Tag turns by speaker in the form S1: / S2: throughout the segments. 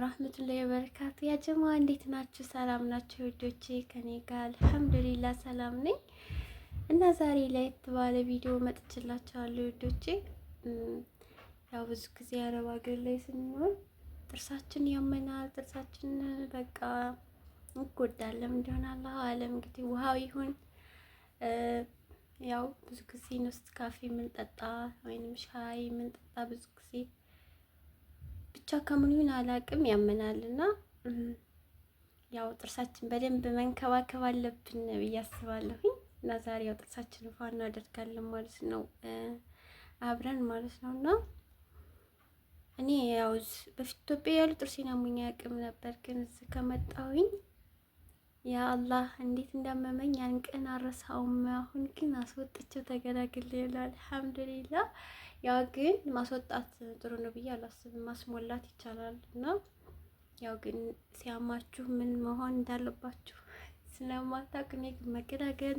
S1: ወራህመቱላሂ ወበረካቱ። ያ ጀማ እንዴት ናችሁ? ሰላም ናችሁ ውዶቼ? ከኔ ጋር አልሐምዱሊላህ ሰላም ነኝ። እና ዛሬ ላይ የተባለ ቪዲዮ መጥቼላችኋለሁ ውዶቼ። ያው ብዙ ጊዜ አረብ ሀገር ላይ ስንሆን ጥርሳችን ያመናል፣ ጥርሳችን በቃ እንጎዳለን። እንደሆነ አላህ አለም እንግዲህ ውሃው ይሁን ያው ብዙ ጊዜ ነው ካፌ የምንጠጣ ወይንም ሻይ የምንጠጣ ብዙ ጊዜ ብቻ ከምን ይሁን አላቅም ያመናልና ያው ጥርሳችን በደንብ መንከባከብ አለብን ብዬ አስባለሁኝ። እና ዛሬ ያው ጥርሳችን ፋ እናደርጋለን ማለት ነው አብረን ማለት ነው እና እኔ ያው በፊት ኢትዮጵያ ያሉ ጥርሴን አሞኝ አያውቅም ነበር፣ ግን እዚህ ከመጣሁኝ ያ አላህ እንዴት እንዳመመኝ ያን ቀን አረሳውም። አሁን ግን አስወጥቼው ተገላግል ይላል አልሐምዱሊላህ። ያ ግን ማስወጣት ጥሩ ነው ብዬ አላስብም። ማስሞላት ይቻላል እና ያው ግን ሲያማችሁ ምን መሆን እንዳለባችሁ ስለማታውቅ እኔ ግን መገላገል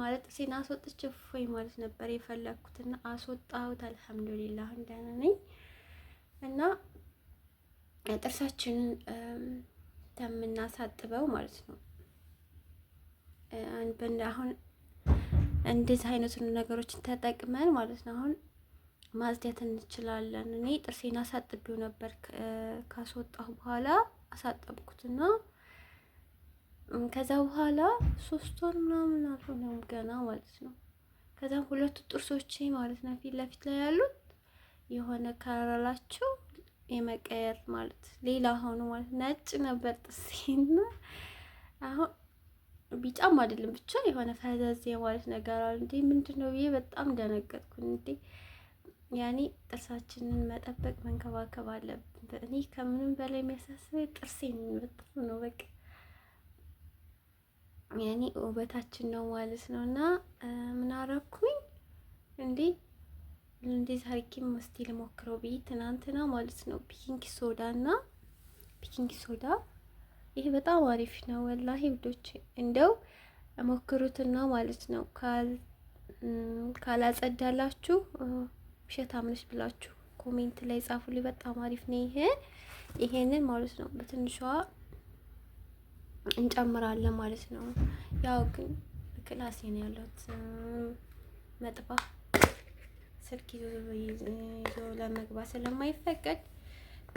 S1: ማለት ሴን አስወጥቼ እፎይ ማለት ነበር የፈለግኩትና አስወጣሁት። አልሐምዱሊላህ ደህና ነኝ እና ጥርሳችንን ተምናሳጥበው ማለት ነው አሁን እንደዚህ አይነቱን ነገሮችን ተጠቅመን ማለት ነው አሁን ማጽዳት እንችላለን። እኔ ጥርሴን አሳጥቤው ነበር ካስወጣሁ በኋላ አሳጠብኩትና ከዛ በኋላ ሶስት ወር ምናምን አልሆነም ገና ማለት ነው። ከዛም ሁለቱ ጥርሶቼ ማለት ነው ፊት ለፊት ላይ ያሉት የሆነ ከረላቸው የመቀየር ማለት ሌላ ሆኖ ማለት ነጭ ነበር ጥርሴና አሁን ቢጫም አይደለም ብቻ የሆነ ፈዘዝ የማለት ነገር አለ እንዴ ምንድን ነው ብዬ በጣም ደነገጥኩ። እንዴ ያኔ ጥርሳችንን መጠበቅ መንከባከብ አለብን። እኔ ከምንም በላይ የሚያሳስበኝ ጥርሴን መጥፎ ነው። በቃ ያኔ ውበታችን ነው ማለት ነው። እና ምን አረኩኝ እንዴ እንደዚህ አርጌም መስቲ ልሞክረው ብዬ ትናንትና ማለት ነው ቢኪንግ ሶዳ እና ቢኪንግ ሶዳ ይሄ በጣም አሪፍ ነው ወላሂ ውዶች፣ እንደው ሞክሩትና ማለት ነው ካላጸዳላችሁ ውሸታም ነሽ ብላችሁ ኮሜንት ላይ ጻፉልኝ። በጣም አሪፍ ነው ይሄ ይሄንን ማለት ነው በትንሿ እንጨምራለን ማለት ነው። ያው ግን ክላሴ ነው ያለሁት መጥፋ ስልክ ይዞ ለመግባት ስለማይፈቀድ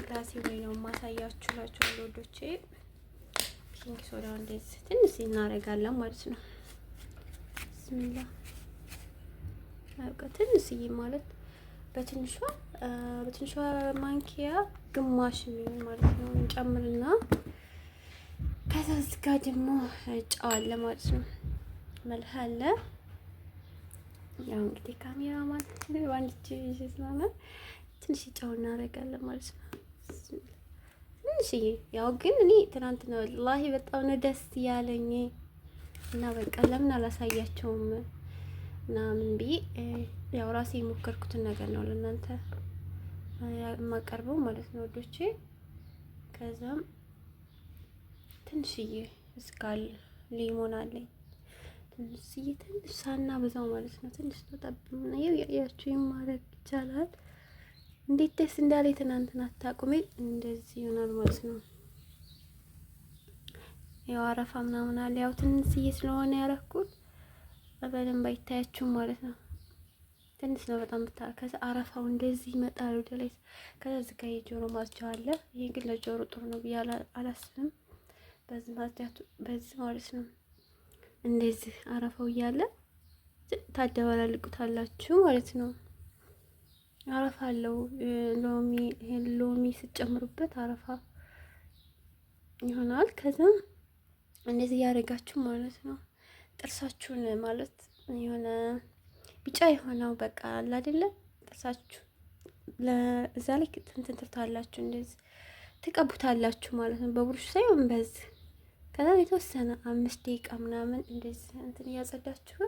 S1: ክላሴ ላይ ነው ማሳያችሁ ናቸው ወዶቼ። ኪንግ ሶዳ እንደዚህ ትንሽ እናደርጋለን ማለት ነው። ብስሚላ ትንሽ ትንሽዬ ማለት በትንሿ በትንሿ ማንኪያ ግማሽ የሚሆን ማለት ነው እንጨምርና ከዛ እዚህ ጋር ደግሞ ጨው አለ ማለት ነው። መልህ አለ። ያው እንግዲህ ካሜራ ማለት ነው በአንድ እጅ ይዤ ስለሆነ ትንሽ ጨው እናደርጋለን ማለት ነው። ትንሽ ያው ግን እኔ ትናንት ነው ወላሂ በጣም ነው ደስ ያለኝ እና በቃ ለምን አላሳያቸውም ምናምን ብዬ ያው ራሴ የሞከርኩትን ነገር ነው ለእናንተ የማቀርበው ማለት ነው ወዶቼ። ከዛም ትንሽዬ እስካል ሊሞን አለኝ ትንሽዬ ትንሽ ሳና በዛው ማለት ነው። ትንሽ ተጠብና ያያችሁ ይማረግ ይቻላል። እንዴት ደስ እንዳለ ትናንትና አታቁሜ እንደዚህ ይሆናል ማለት ነው። ያው አረፋ ምናምን አለ ያው ትንሽዬ ስለሆነ ያረኩት በደንብ አይታያችሁም ማለት ነው። ትንሽ ነው በጣም ብታ ከዚ አረፋው እንደዚህ ይመጣል ወደ ላይ። ከዚ ጋር የጆሮ ማጽጃ አለ። ይህ ግን ለጆሮ ጥሩ ነው ብዬ አላስብም። በዚህ ማጽጃቱ በዚህ ማለት ነው። እንደዚህ አረፋው እያለ ታደባላልቁታላችሁ ማለት ነው። አረፋ አለው ሎሚ፣ ይሄን ሎሚ ስትጨምሩበት አረፋ ይሆናል። ከዛ እንደዚህ እያደረጋችሁ ማለት ነው። ጥርሳችሁን ማለት የሆነ ቢጫ የሆነው በቃ አለ አይደለ? ጥርሳችሁ ለዛ ላይ ትንትን ትርታላችሁ፣ እንደዚህ ትቀቡታላችሁ ማለት ነው። በብሩሽ ሳይሆን በዚህ ከዛ የተወሰነ አምስት ደቂቃ ምናምን እንደዚህ እንትን እያጸዳችሁ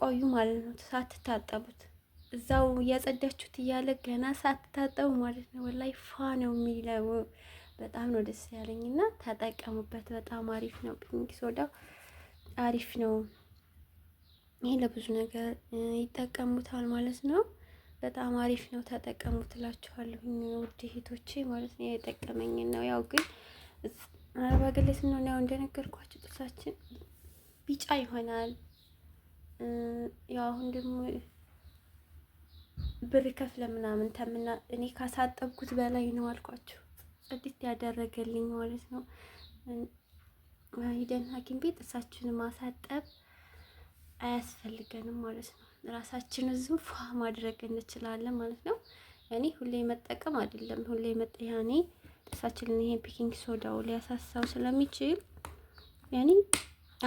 S1: ቆዩ ማለት ነው። ሳትታጠቡት እዛው እያጸዳችሁት እያለ ገና ሳትታጠቡ ማለት ነው። ወላይ ፋ ነው የሚለው በጣም ነው ደስ ያለኝ እና ተጠቀሙበት። በጣም አሪፍ ነው ፒኪንግ ሶዳው። አሪፍ ነው። ይሄ ለብዙ ነገር ይጠቀሙታል ማለት ነው። በጣም አሪፍ ነው፣ ተጠቀሙት እላችኋለሁ ውድ እህቶቼ ማለት ነው። የጠቀመኝ ነው። ያው ግን አረብ አገር ላይ ስንሆን ያው እንደነገርኳችሁ ጥርሳችን ቢጫ ይሆናል። ያው አሁን ደግሞ ብር ከፍለ ምናምን ተምና እኔ ካሳጠብኩት በላይ ነው አልኳችሁ። ጽድት ያደረገልኝ ማለት ነው። ሂደን ሐኪም ቤት ጥርሳችንን ማሳጠብ አያስፈልገንም ማለት ነው። ራሳችን ዝም ፏ ማድረግ እንችላለን ማለት ነው። እኔ ሁሌ መጠቀም አይደለም ሁሌ መጠ ያኔ ጥርሳችንን ይሄ ፒኪንግ ሶዳው ሊያሳሳው ስለሚችል ያኔ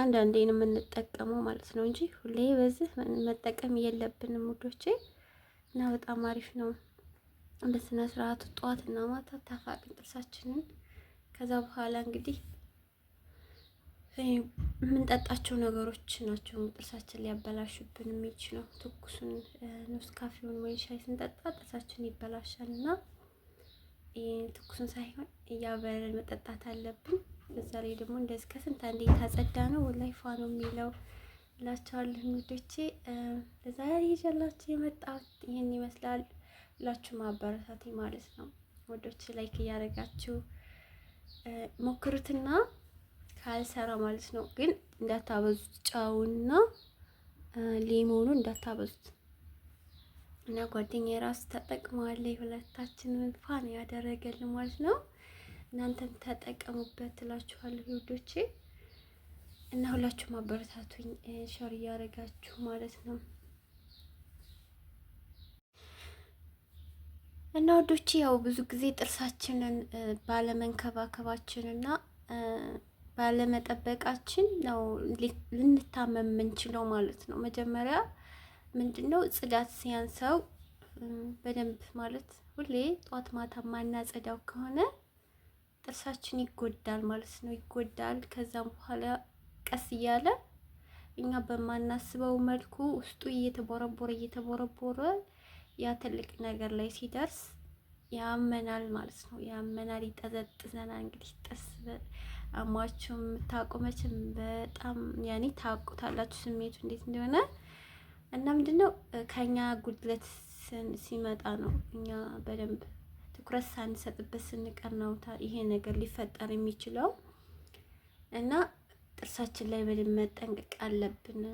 S1: አንዳንዴ ነው የምንጠቀመው ማለት ነው እንጂ ሁሌ በዚህ መጠቀም የለብንም ውዶቼ። እና በጣም አሪፍ ነው በስነ ስርዓቱ ጠዋትና ማታ ታፋቅን ጥርሳችንን። ከዛ በኋላ እንግዲህ የምንጠጣቸው ነገሮች ናቸው ጥርሳችን ሊያበላሹብን የሚችለው። ትኩሱን ኑስ ካፌውን ወይ ሻይ ስንጠጣ ጥርሳችን ይበላሻል እና ትኩሱን ሳይሆን እያበረን መጠጣት አለብን። እዛ ላይ ደግሞ እንደዚህ ከስንት አንዴ ታጸዳ ነው ወላሂ ፏ ነው የሚለው እላቸዋለሁ። ውዶቼ ለዛሬ ይዤላችሁ የመጣሁት ይህን ይመስላል። ሁላችሁ ማበረታቴ ማለት ነው። ወዶች ላይክ እያደረጋችሁ ሞክሩትና ካልሰራ ማለት ነው። ግን እንዳታበዙት ጨውና ሊሞኑ እንዳታበዙት እና ጓደኛ የራሱ ተጠቅመዋለ ሁለታችን ፋን ያደረገልን ማለት ነው። እናንተም ተጠቀሙበት ትላችኋለሁ ውዶቼ እና ሁላችሁም አበረታቱኝ ሸር እያደረጋችሁ ማለት ነው። እና ወዶቼ ያው ብዙ ጊዜ ጥርሳችንን ባለመንከባከባችንና ባለመጠበቃችን ነው ልንታመም የምንችለው ማለት ነው። መጀመሪያ ምንድነው ጽዳት ሲያንሰው በደንብ ማለት ሁሌ ጠዋት ማታ ማናጸዳው ከሆነ ጥርሳችን ይጎዳል ማለት ነው። ይጎዳል። ከዛም በኋላ ቀስ እያለ እኛ በማናስበው መልኩ ውስጡ እየተቦረቦረ እየተቦረቦረ ያ ትልቅ ነገር ላይ ሲደርስ ያመናል ማለት ነው። ያመናል፣ ይጠዘጥዘናል። እንግዲህ ጥርስ አሟችሁም የምታቆመችን በጣም ያኔ ታውቁታላችሁ ስሜቱ እንዴት እንደሆነ እና ምንድነው ከኛ ጉድለት ሲመጣ ነው እኛ በደንብ ትኩረት ሳንሰጥበት ስንቀር ነው ይሄ ነገር ሊፈጠር የሚችለው እና ጥርሳችን ላይ በደንብ መጠንቀቅ አለብን።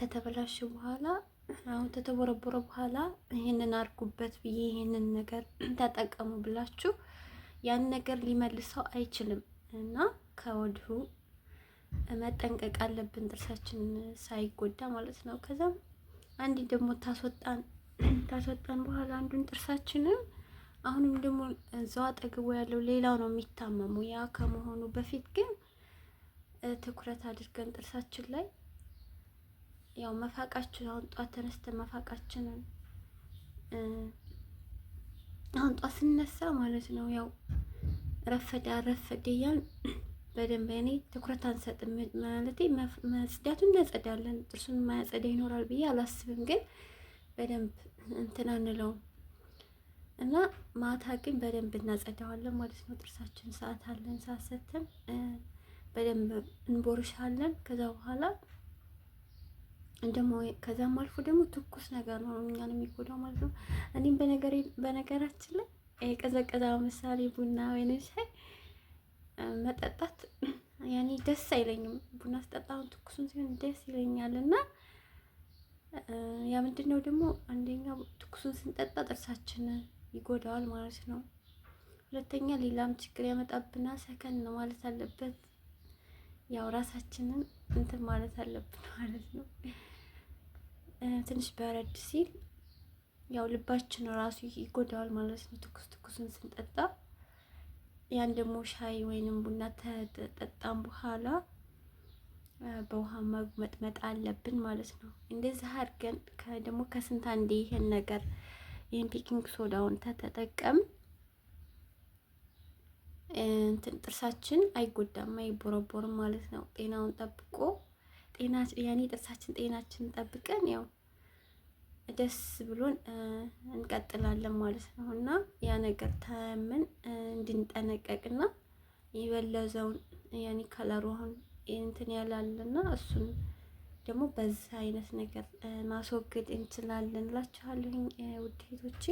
S1: ተተበላሽ በኋላ አሁን ተተቦረቦረ በኋላ ይሄንን አድርጉበት ብዬ ይሄንን ነገር ተጠቀሙ ብላችሁ ያን ነገር ሊመልሰው አይችልም። እና ከወዲሁ መጠንቀቅ አለብን፣ ጥርሳችን ሳይጎዳ ማለት ነው። ከዛም አንድ ደግሞ ታስወጣን ታስወጣን በኋላ አንዱን ጥርሳችንም አሁንም ደግሞ እዛው አጠገቡ ያለው ሌላው ነው የሚታመሙ። ያ ከመሆኑ በፊት ግን ትኩረት አድርገን ጥርሳችን ላይ ያው መፋቃችን አሁን ጧት ተነስተ መፋቃችንን አሁን ጧት ስነሳ ማለት ነው ያው ረፈደ አረፈደ እያል በደንብ እኔ ትኩረት አንሰጥም። ማለት መጽዳቱን እናጸዳለን፣ ጥርሱን ማያጸዳ ይኖራል ብዬ አላስብም፣ ግን በደንብ እንትን አንለውም እና ማታ ግን በደንብ እናጸዳዋለን ማለት ነው። ጥርሳችን ሰዓት አለን፣ ሰዓት ሰተን በደንብ እንቦርሻለን። ከዛ በኋላ ደግሞ ከዛም አልፎ ደግሞ ትኩስ ነገር ነው እኛን የሚጎዳው ማለት ነው። እኔም በነገራችን ላይ የቀዘቀዛ ምሳሌ ቡና ወይን ሻይ መጠጣት ያኔ ደስ አይለኝም። ቡና ስጠጣ አሁን ትኩሱን ሲሆን ደስ ይለኛል እና ያ ምንድን ነው ደግሞ አንደኛ ትኩሱን ስንጠጣ ጥርሳችን ይጎዳዋል ማለት ነው። ሁለተኛ ሌላም ችግር ያመጣብና ሰከን ነው ማለት አለበት። ያው ራሳችንን እንትን ማለት አለብን ማለት ነው። ትንሽ በረድ ሲል ያው ልባችን ራሱ ይጎዳዋል ማለት ነው። ትኩስ ትኩስን ስንጠጣ ያን ደግሞ ሻይ ወይንም ቡና ተጠጣም በኋላ በውሃ መጥመጥ አለብን ማለት ነው። እንደዚህ አድርገን ደግሞ ከስንት አንዴ ይሄን ነገር ይህን ቤኪንግ ሶዳውን ተጠቀም እንትን ጥርሳችን አይጎዳም አይቦረቦርም ማለት ነው። ጤናውን ጠብቆ ጤና ያኔ ጥርሳችን ጤናችን ጠብቀን ያው ደስ ብሎን እንቀጥላለን ማለት ነው እና ያ ነገር ተምን እንድንጠነቀቅና የበለዘውን ያኒ ከለሩ አሁን እንትን ያላልና እሱን ደግሞ በዛ አይነት ነገር ማስወገድ እንችላለን እላችኋለሁ ውድ እህቶቼ።